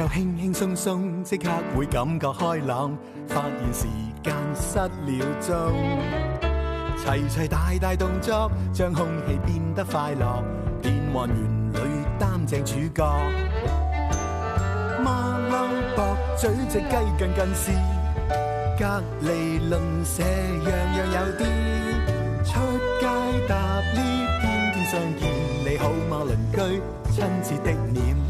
又輕輕鬆鬆，即刻會感覺開朗，發現時間失了蹤。齊齊大大動作，將空氣變得快樂，變幻園裏擔正主角。馬騮駁嘴，隻雞近近視，隔籬鄰舍樣樣有啲。出街搭呢天天相見，你好嗎？鄰居親切的臉。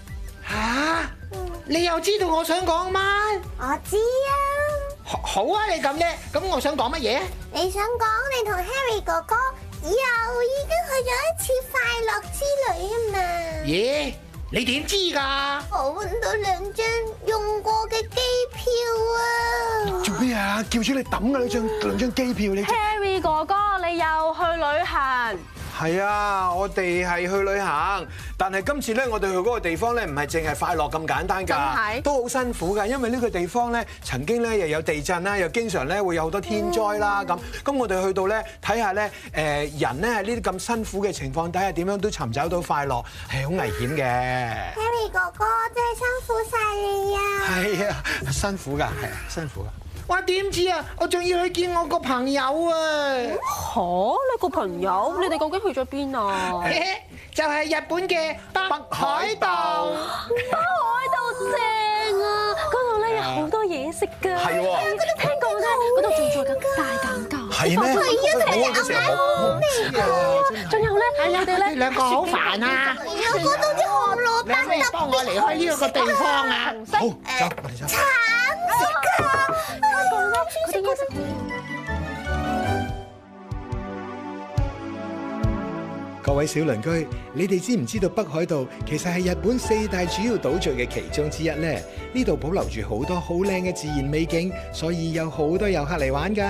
你又知道我想講嗎？我知道啊。好啊，你咁叻。咁我想講乜嘢？你想講你同 Harry 哥哥又已經去咗一次快樂之旅 yeah，啊嘛？咦？你點知噶？我揾到兩張用過嘅機票啊！做咩啊？叫住你抌啊，呢張兩張機票你？Harry 哥哥，你又去旅行？係啊，我哋係去旅行，但係今次咧，我哋去嗰個地方咧，唔係淨係快樂咁簡單㗎，都好辛苦㗎。因為呢個地方咧，曾經咧又有地震啦，又經常咧會有好多天災啦咁。咁、嗯、我哋去到咧，睇下咧，人咧喺呢啲咁辛苦嘅情況底下，點樣都尋找到快樂，係好危險嘅。Harry 哥哥，真係辛苦晒你啊！係啊，辛苦㗎、係啊，辛苦㗎。我點知啊？我仲要去見我個朋友啊！嚇、啊，你個朋友？你哋究竟去咗邊啊？就係、是、日本嘅北海道。北海道 正啊，嗰度咧有好多嘢食噶。係、啊、都、啊那個、聽講咧嗰度仲做緊大減價、啊啊，我哋牛奶，好味噶。仲有咧，係、哎、你哋咧兩個好煩啊！我到啲紅蘿蔔幫我離開呢一個地方啊？啊好，走，我、呃、哋走。呃各位小鄰居，你哋知唔知道北海道其實係日本四大主要島嶼嘅其中之一呢？呢度保留住好多好靚嘅自然美景，所以有好多遊客嚟玩噶。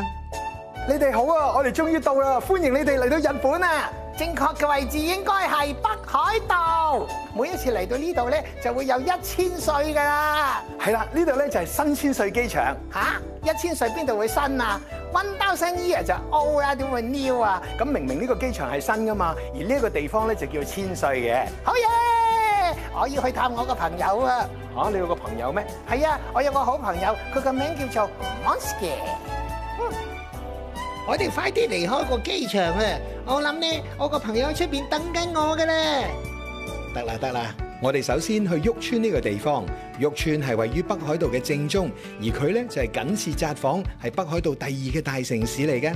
你哋好啊！我哋終於到啦，歡迎你哋嚟到日本啊！正確嘅位置應該係北海道。每一次嚟到呢度呢，就會有一千歲噶啦。係啦，呢度呢就係新千歲機場吓。一千歲邊度會新啊？One thousand year 就 old 啦，點會 new 啊？咁明明呢個機場係新噶嘛，而呢一個地方咧就叫千歲嘅。好嘢！我要去探我朋啊啊個朋友啊！吓，你有個朋友咩？係啊，我有個好朋友，佢個名叫做 Monsky。我哋快啲離開個機場啊！我諗咧，我個朋友喺出邊等緊我嘅咧。得啦，得啦。我哋首先去旭川呢個地方。旭川係位於北海道嘅正中，而佢咧就係僅次札幌，係北海道第二嘅大城市嚟嘅。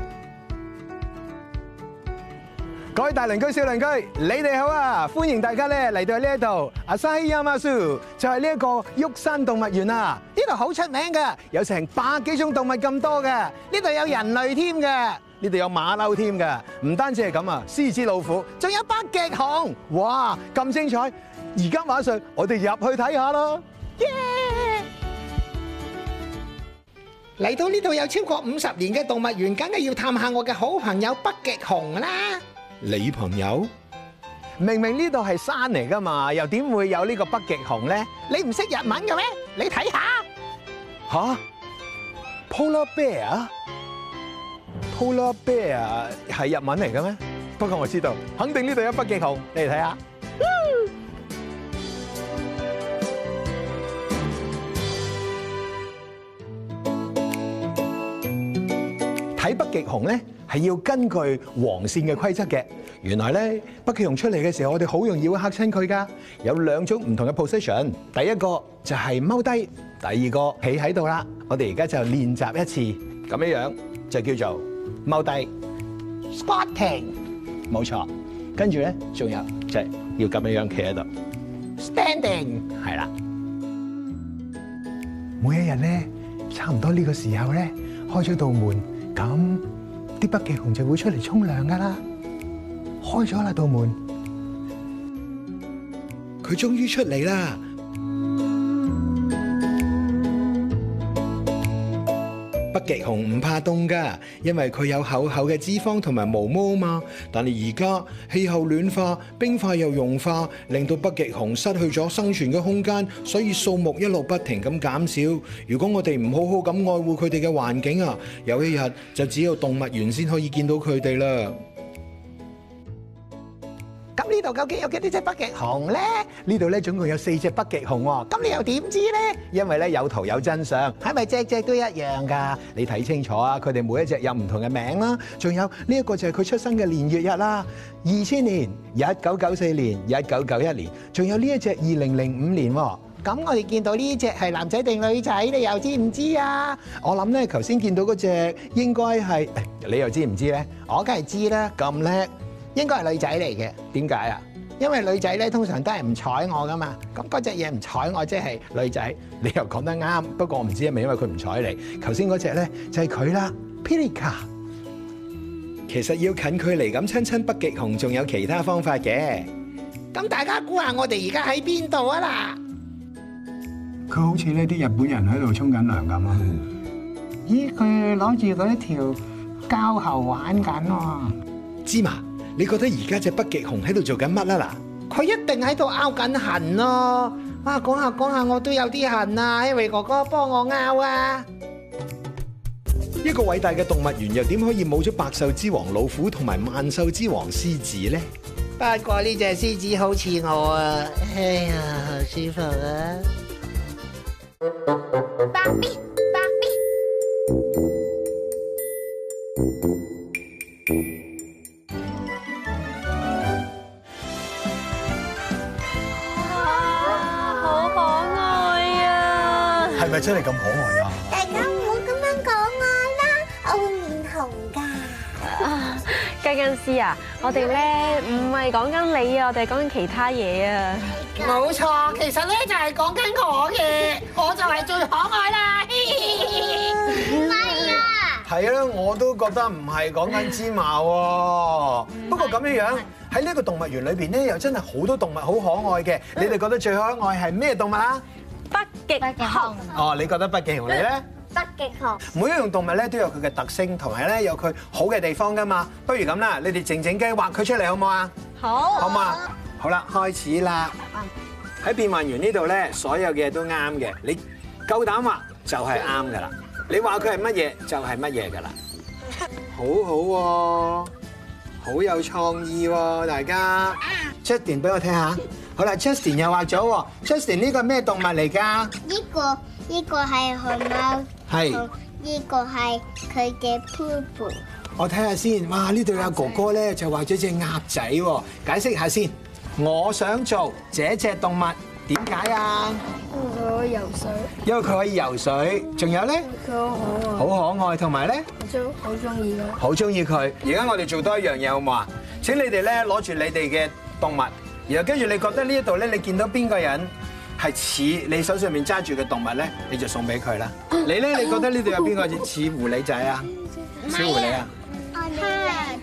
各位大鄰居、小鄰居，你哋好啊！歡迎大家咧嚟到呢一度。阿西亞馬蘇就係呢一個旭山動物園啊。呢度好出名噶，有成百幾種動物咁多嘅。呢度有人類添嘅，呢度有馬騮添嘅。唔單止係咁啊，獅子、老虎，仲有北極熊。哇，咁精彩！而家馬上，我哋入去睇下囉，耶，嚟到呢度有超過五十年嘅動物園，梗係要探下我嘅好朋友北極熊啦。你朋友？明明呢度係山嚟㗎嘛，又點會有呢個北極熊咧？你唔識日文嘅咩？你睇下！吓？Polar Bear，Polar Bear 係 Bear 日文嚟嘅咩？不過我知道，肯定呢度有北極熊，你嚟睇下。極熊咧係要根據黃線嘅規則嘅。原來咧，北極熊出嚟嘅時候，我哋好容易會嚇親佢噶。有兩種唔同嘅 position，第一個就係踎低，第二個企喺度啦。我哋而家就練習一次咁樣樣，就叫做踎低 （squatting）。冇錯，跟住咧仲有就係要咁樣樣企喺度 （standing）。係啦，每一日咧，差唔多呢個時候咧開咗道門。咁啲北極熊就會出嚟沖涼㗎啦，開咗嗰道門，佢終於出嚟啦。北極熊唔怕凍噶，因為佢有厚厚嘅脂肪同埋毛毛啊嘛。但係而家氣候暖化，冰塊又融化，令到北極熊失去咗生存嘅空間，所以數目一路不停咁減少。如果我哋唔好好咁愛護佢哋嘅環境啊，有一日就只有動物園先可以見到佢哋啦。咁呢度究竟有幾隻北極熊咧？呢度咧總共有四隻北極熊喎。咁你又點知咧？因為咧有圖有真相。係咪隻隻都一樣噶？你睇清楚啊！佢哋每一隻有唔同嘅名啦。仲有呢一個就係佢出生嘅年月日啦。二千年，一九九四年，一九九一年。仲有呢一隻二零零五年喎。咁我哋見到呢隻係男仔定女仔？你又知唔知啊？我諗咧頭先見到嗰隻應該係，你又知唔知咧？我梗係知啦，咁叻。應該係女仔嚟嘅，點解啊？因為女仔咧通常都係唔睬我㗎嘛，咁嗰隻嘢唔睬我，即係女仔。你又講得啱，不過我唔知係咪因為佢唔睬你。頭先嗰隻咧就係佢啦，Pilika。其實要近距離咁親親北極熊，仲有其他方法嘅。咁大家估下，我哋而家喺邊度啊啦？佢好似呢啲日本人喺度沖緊涼咁啊！咦，佢攞住嗰一條膠喉玩緊喎，芝麻。你覺得而家隻北極熊喺度做緊乜啦？嗱，佢一定喺度拗緊痕咯！哇，講下講下，我都有啲痕啊！Harry 哥哥幫我拗啊！一個偉大嘅動物園，又點可以冇咗百獸之王老虎同埋萬獸之王獅子咧？不過呢隻獅子好似我啊！哎呀，好舒服啊！八比八比。爸爸係咪真係咁可愛啊？大家唔好咁樣講我啦，我會面紅噶。雞筋師啊，我哋咧唔係講緊你啊，我哋講緊其他嘢啊。冇錯，其實咧就係講緊我嘅，我就係最可愛啦。唔係啊？係啊，我都覺得唔係講緊芝麻喎。不過咁樣樣喺呢個動物園裏邊咧，又真係好多動物好可愛嘅。你哋覺得最可愛係咩動物啊？北極熊哦，你覺得北極熊，你咧？北極熊，每一種動物咧都有佢嘅特性，同埋咧有佢好嘅地方噶嘛。不如咁啦，你哋靜靜雞畫佢出嚟好唔好啊？好，好啊？好啦，開始啦。喺變幻園呢度咧，所有嘅嘢都啱嘅。你夠膽畫就係啱噶啦。你話佢係乜嘢就係乜嘢噶啦。好好喎。好有創意喎，大家 Justin 俾我睇下。 好啦，Justin 又畫咗喎。Justin 呢個咩動物嚟㗎？呢、呢個呢、呢個係熊貓，係 呢個係佢嘅鋪盤。我睇下先，哇！呢度有哥哥咧，就畫咗隻鴨仔，解釋一下先。我想做這隻動物。點解啊？因為佢可以游水。因為佢可以游水，仲有咧？佢好可愛。好可愛，同埋咧？好中好中意佢。好中意佢。而家我哋做多一樣嘢好唔好啊？請你哋咧攞住你哋嘅動物，然後跟住你覺得呢一度咧，你見到邊個人係似你手上面揸住嘅動物咧，你就送俾佢啦。你咧，你覺得呢度有邊個似狐狸仔啊？小狐狸啊？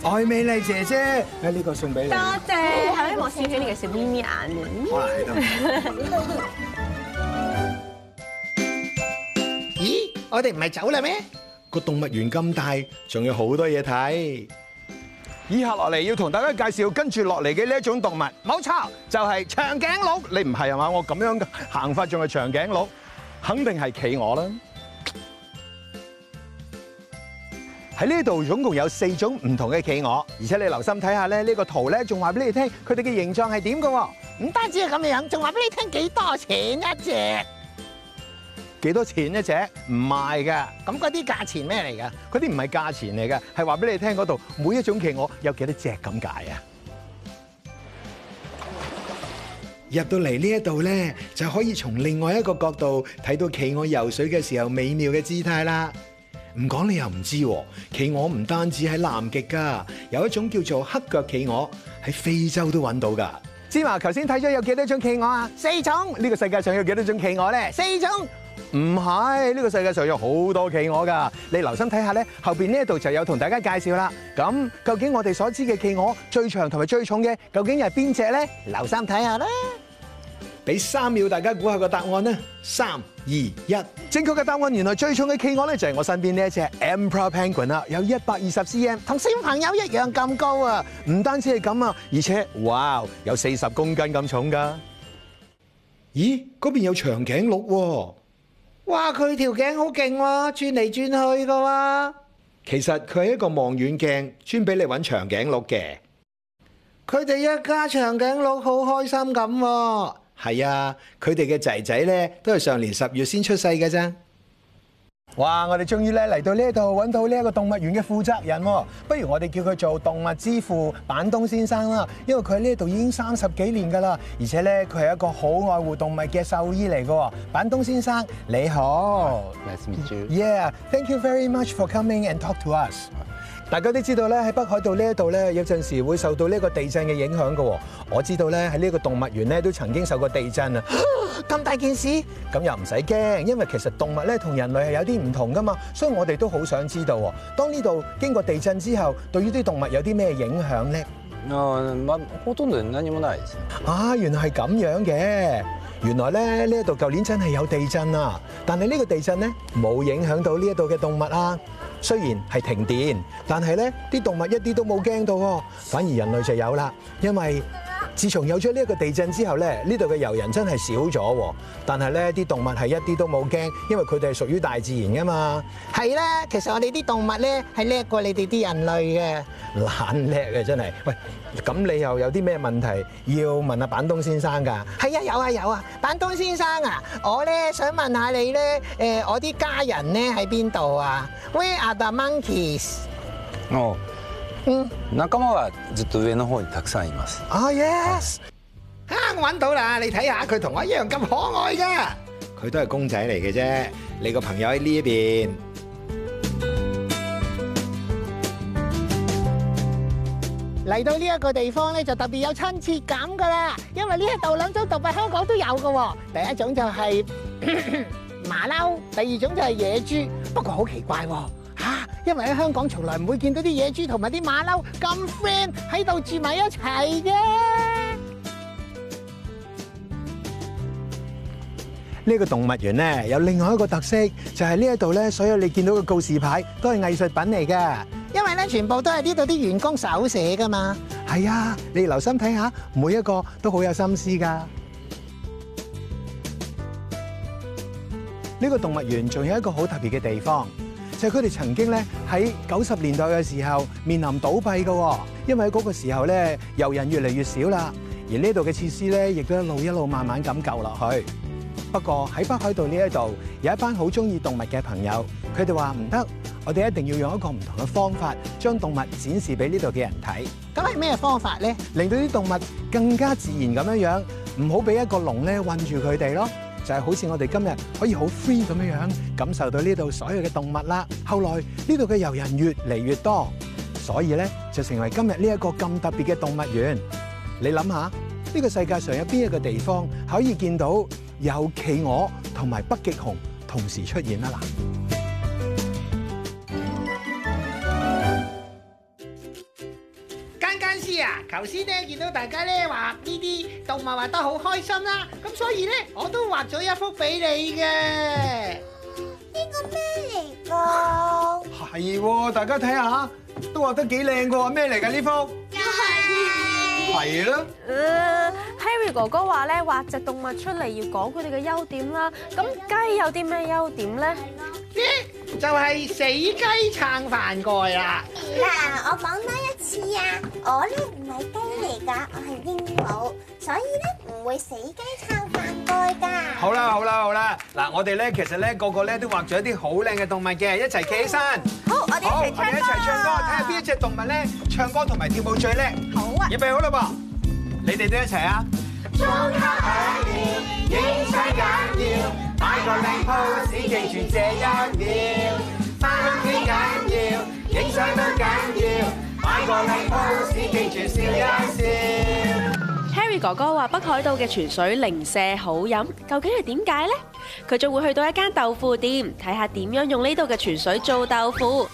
愛美麗姐姐，喺呢個送俾你。多謝，係咯，望笑起你嘅小咪咪眼眼。快啲，咦？我哋唔係走啦咩？個動物園咁大，仲有好多嘢睇。以下落嚟，要同大家介紹跟住落嚟嘅呢一種動物，冇錯，就係長頸鹿。你唔係啊嘛？我咁樣嘅行法，仲係長頸鹿？肯定係企鵝啦。喺呢度總共有四種唔同嘅企鵝，而且你留心睇下咧，呢個圖咧仲話俾你聽，佢哋嘅形狀係點嘅？唔單止係咁樣，仲話俾你聽幾多錢一隻？幾多錢一隻？唔賣嘅。咁嗰啲價錢咩嚟㗎？嗰啲唔係價錢嚟嘅，係話俾你聽嗰度每一種企鵝有幾多隻咁解啊？入到嚟呢一度咧，就可以從另外一個角度睇到企鵝游水嘅時候美妙嘅姿態啦。唔講你又唔知企鵝唔單止喺南極噶，有一種叫做黑腳企鵝喺非洲都揾到噶。芝麻，頭先睇咗有幾多種企鵝啊？四種。呢個世界上有幾多種企鵝咧？四種唔係呢個世界上有好多企鵝噶。你留心睇下咧，後邊呢一度就有同大家介紹啦。咁究竟我哋所知嘅企鵝最長同埋最重嘅究竟又係邊隻咧？留心睇下啦。俾三秒，大家估下個答案咧。三二一，正確嘅答案原來最重嘅企鵝咧就係我身邊呢一隻 Emperor Penguin 啊，有一百二十 CM，同小朋友一樣咁高啊！唔單止係咁啊，而且哇，有四十公斤咁重噶。咦？嗰邊有長頸鹿喎！哇，佢條頸好勁喎，轉嚟轉去㗎喎。其實佢係一個望遠鏡，專俾你揾長頸鹿嘅。佢哋一家長頸鹿好開心咁。係啊，佢哋嘅仔仔咧，都係上年十月先出世嘅啫。哇！我哋終於咧嚟到呢一度，揾到呢一個動物園嘅負責人。不如我哋叫佢做動物之父板東先生啦。因為佢喺呢一度已經三十幾年噶啦，而且咧佢係一個好愛護動物嘅獸醫嚟嘅。板東先生你好，Nice to meet you。Yeah，thank you very much for coming and talk to us。大家都知道咧，喺北海道呢一度咧，有陣時會受到呢個地震嘅影響嘅。我知道咧，喺呢個動物園咧都曾經受過地震啊。咁大件事，咁又唔使驚，因為其實動物咧同人類係有啲唔同㗎嘛。所以我哋都好想知道，當呢度經過地震之後，對於啲動物有啲咩影響咧？啊，原來係咁樣嘅。原來咧，呢一度舊年真係有地震啊，但係呢個地震咧冇影響到呢一度嘅動物啊。雖然係停電，但係咧，啲動物一啲都冇驚到喎，反而人類就有啦，因為。自從有咗呢一個地震之後咧，呢度嘅遊人真係少咗。但係咧，啲動物係一啲都冇驚，因為佢哋係屬於大自然噶嘛。係咧，其實我哋啲動物咧係叻過你哋啲人類嘅，懶叻嘅真係。喂，咁你又有啲咩問題要問阿板東先生㗎？係啊，有啊，有啊，板東先生啊，我咧想問下你咧，誒，我啲家人咧喺邊度啊？Where are the monkeys？哦。嗯，嗱，Yes，我揾到喇。你睇下，佢同我一樣咁可愛㗎。佢都係公仔嚟嘅啫。你個朋友喺呢一邊。嚟到呢一個地方呢，就特別有親切感㗎喇！因為呢一度兩種動物香港都有㗎喎。第一種就係馬騮，第二種就係野豬，不過好奇怪喎。因為喺香港從來唔會見到啲野豬同埋啲馬騮咁 friend 喺度住埋一齊嘅。呢個動物園咧有另外一個特色，就係呢一度咧所有你見到嘅告示牌都係藝術品嚟噶。因為咧全部都係呢度啲員工手寫噶嘛。係啊，你留心睇下，每一個都好有心思噶。呢個動物園仲有一個好特別嘅地方。就係佢哋曾經咧喺九十年代嘅時候面臨倒閉嘅，因為喺嗰個時候咧遊人越嚟越少啦，而呢度嘅設施咧亦都一路一路慢慢咁救落去。不過喺北海道呢一度有一班好中意動物嘅朋友，佢哋話唔得，我哋一定要用一個唔同嘅方法將動物展示俾呢度嘅人睇。咁係咩方法咧？令到啲動物更加自然咁樣樣，唔好俾一個籠咧困住佢哋咯。就係、是、好似我哋今日可以好 free 咁樣感受到呢度所有嘅動物啦。後來呢度嘅遊人越嚟越多，所以咧就成為今日呢一個咁特別嘅動物園。你想想。你諗下，呢個世界上有邊一個地方可以見到有企鵝同埋北極熊同時出現啊？啦！老啊，頭先咧見到大家咧畫呢啲動物畫得好開心啦，咁所以咧我都畫咗一幅俾你嘅。呢個咩嚟噶？係，大家睇下都畫得幾靚噶。咩嚟噶呢幅？雞係咯。uh, Harry 哥哥話咧畫隻動物出嚟要講佢哋嘅優點啦。咁雞有啲咩優點咧？呢就係、是、死雞撐飯蓋啦。嗱，我講多一次啊。我咧唔係雞嚟噶，我係鸚鵡，所以咧唔會死雞撐飯蓋噶。好啦、啊、好啦、啊、好啦，嗱我哋咧其實咧個個咧都畫咗一啲好靚嘅動物嘅，一齊企起身。好，我哋一齊唱歌。好，我哋一齊唱歌，睇下邊一隻動物咧唱歌同埋跳舞最叻。好啊，預、啊啊啊啊啊、備好啦噃、啊，你哋都一齊啊。中敲緊要，影相緊要，擺個靚 pose 只記住這一秒，花都幾緊要，影相都緊要。Harry 哥哥話：北海道嘅泉水零舍好飲，究竟係點解呢？佢仲會去到一間豆腐店，睇下點樣用呢度嘅泉水做豆腐。